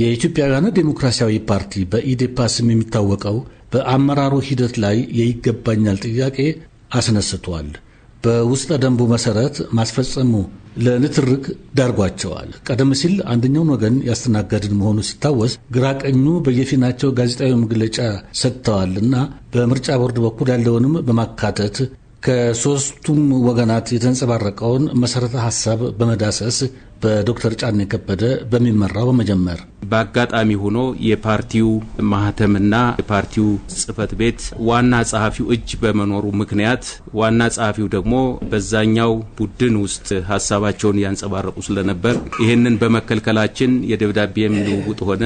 የኢትዮጵያውያኑ ዴሞክራሲያዊ ፓርቲ በኢዴፓ ስም የሚታወቀው በአመራሩ ሂደት ላይ የይገባኛል ጥያቄ አስነስቷል። በውስጠ ደንቡ መሰረት ማስፈጸሙ ለንትርክ ዳርጓቸዋል። ቀደም ሲል አንደኛውን ወገን ያስተናገድን መሆኑ ሲታወስ ግራቀኙ በየፊናቸው ጋዜጣዊ መግለጫ ሰጥተዋልና በምርጫ ቦርድ በኩል ያለውንም በማካተት ከሦስቱም ወገናት የተንጸባረቀውን መሠረተ ሐሳብ በመዳሰስ በዶክተር ጫኔ ከበደ በሚመራው በመጀመር በአጋጣሚ ሆኖ የፓርቲው ማህተምና የፓርቲው ጽህፈት ቤት ዋና ጸሐፊው እጅ በመኖሩ ምክንያት ዋና ጸሐፊው ደግሞ በዛኛው ቡድን ውስጥ ሀሳባቸውን ያንጸባረቁ ስለነበር ይህንን በመከልከላችን የደብዳቤም ልውውጥ ሆነ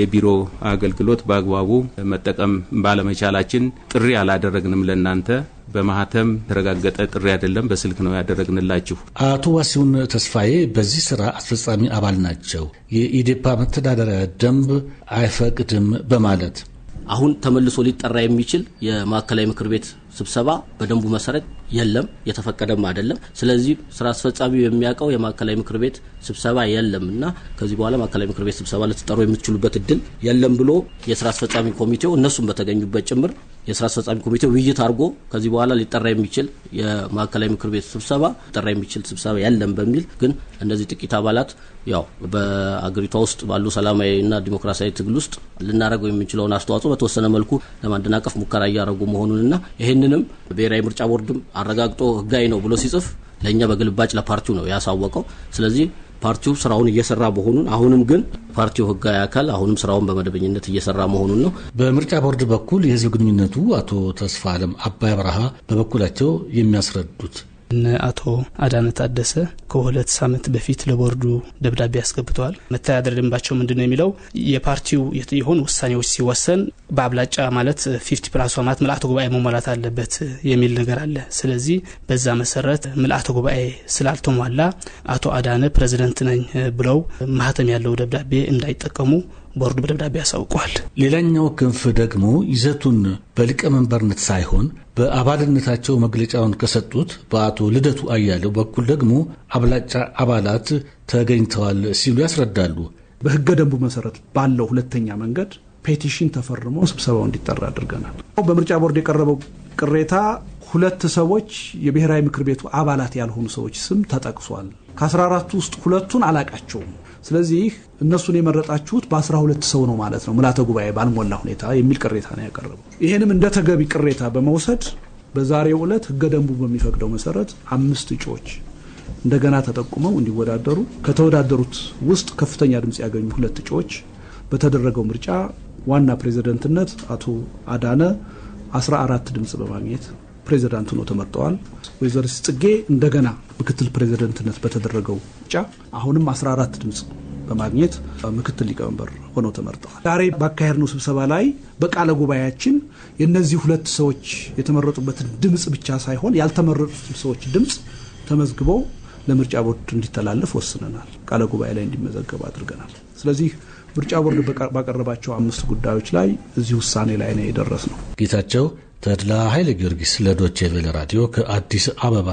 የቢሮ አገልግሎት በአግባቡ መጠቀም ባለመቻላችን ጥሪ አላደረግንም ለእናንተ በማህተም የተረጋገጠ ጥሪ አይደለም፣ በስልክ ነው ያደረግንላችሁ። አቶ ዋሲሁን ተስፋዬ በዚህ ስራ አስፈጻሚ አባል ናቸው። የኢዴፓ መተዳደሪያ ደንብ አይፈቅድም በማለት አሁን ተመልሶ ሊጠራ የሚችል የማዕከላዊ ምክር ቤት ስብሰባ በደንቡ መሰረት የለም፣ የተፈቀደም አይደለም። ስለዚህ ስራ አስፈጻሚው የሚያውቀው የማዕከላዊ ምክር ቤት ስብሰባ የለም እና ከዚህ በኋላ ማዕከላዊ ምክር ቤት ስብሰባ ልትጠሩ የምትችሉበት እድል የለም ብሎ የስራ አስፈጻሚ ኮሚቴው እነሱም በተገኙበት ጭምር የስራ አስፈጻሚ ኮሚቴው ውይይት አድርጎ ከዚህ በኋላ ሊጠራ የሚችል የማዕከላዊ ምክር ቤት ስብሰባ ሊጠራ የሚችል ስብሰባ የለም በሚል ግን እነዚህ ጥቂት አባላት ያው በአገሪቷ ውስጥ ባሉ ሰላማዊና ዲሞክራሲያዊ ትግል ውስጥ ልናደርገው የምንችለውን አስተዋጽኦ በተወሰነ መልኩ ለማደናቀፍ ሙከራ እያደረጉ መሆኑንና ይህንንም ብሔራዊ ምርጫ ቦርድም አረጋግጦ ህጋዊ ነው ብሎ ሲጽፍ ለእኛ በግልባጭ ለፓርቲው ነው ያሳወቀው። ስለዚህ ፓርቲው ስራውን እየሰራ መሆኑን አሁንም ግን ፓርቲው ህጋዊ አካል አሁንም ስራውን በመደበኝነት እየሰራ መሆኑን ነው። በምርጫ ቦርድ በኩል የህዝብ ግንኙነቱ አቶ ተስፋ አለም አባይ አብርሃ በበኩላቸው የሚያስረዱት እነ አቶ አዳነ ታደሰ ከሁለት ሳምንት በፊት ለቦርዱ ደብዳቤ አስገብተዋል። መተዳደር ደንባቸው ምንድን ነው የሚለው የፓርቲው የሆኑ ውሳኔዎች ሲወሰን በአብላጫ ማለት ፊፍቲ ፕላስ ማለት ምልአተ ጉባኤ መሟላት አለበት የሚል ነገር አለ። ስለዚህ በዛ መሰረት ምልአተ ጉባኤ ስላልተሟላ አቶ አዳነ ፕሬዚደንት ነኝ ብለው ማህተም ያለው ደብዳቤ እንዳይጠቀሙ ቦርዱ በደብዳቤ ያሳውቋል። ሌላኛው ክንፍ ደግሞ ይዘቱን በሊቀመንበርነት ሳይሆን በአባልነታቸው መግለጫውን ከሰጡት በአቶ ልደቱ አያሌው በኩል ደግሞ አብላጫ አባላት ተገኝተዋል ሲሉ ያስረዳሉ። በህገ ደንቡ መሰረት ባለው ሁለተኛ መንገድ ፔቲሽን ተፈርሞ ስብሰባው እንዲጠራ አድርገናል። በምርጫ ቦርድ የቀረበው ቅሬታ ሁለት ሰዎች የብሔራዊ ምክር ቤቱ አባላት ያልሆኑ ሰዎች ስም ተጠቅሷል። ከ14ቱ ውስጥ ሁለቱን አላቃቸውም ስለዚህ እነሱን የመረጣችሁት በአስራ ሁለት ሰው ነው ማለት ነው ምልዓተ ጉባኤ ባልሞላ ሁኔታ የሚል ቅሬታ ነው ያቀረበው። ይህንም እንደ ተገቢ ቅሬታ በመውሰድ በዛሬው ዕለት ህገ ደንቡ በሚፈቅደው መሰረት አምስት እጩዎች እንደገና ተጠቁመው እንዲወዳደሩ ከተወዳደሩት ውስጥ ከፍተኛ ድምፅ ያገኙ ሁለት እጩዎች በተደረገው ምርጫ ዋና ፕሬዚደንትነት አቶ አዳነ 14 ድምፅ በማግኘት ፕሬዚዳንት ሆነው ተመርጠዋል። ወይዘሪት ጽጌ እንደገና ምክትል ፕሬዚደንትነት በተደረገው ምርጫ አሁንም 14 ድምፅ በማግኘት ምክትል ሊቀመንበር ሆነው ተመርጠዋል። ዛሬ ባካሄድነው ስብሰባ ላይ በቃለ ጉባኤያችን የእነዚህ ሁለት ሰዎች የተመረጡበትን ድምፅ ብቻ ሳይሆን ያልተመረጡት ሰዎች ድምፅ ተመዝግበው ለምርጫ ቦርድ እንዲተላለፍ ወስነናል። ቃለ ጉባኤ ላይ እንዲመዘገብ አድርገናል። ስለዚህ ምርጫ ቦርድ ባቀረባቸው አምስት ጉዳዮች ላይ እዚህ ውሳኔ ላይ ነው የደረስ ነው። ጌታቸው ተድላ ኃይለ ጊዮርጊስ ለዶቼ ቬለ ራዲዮ ከአዲስ አበባ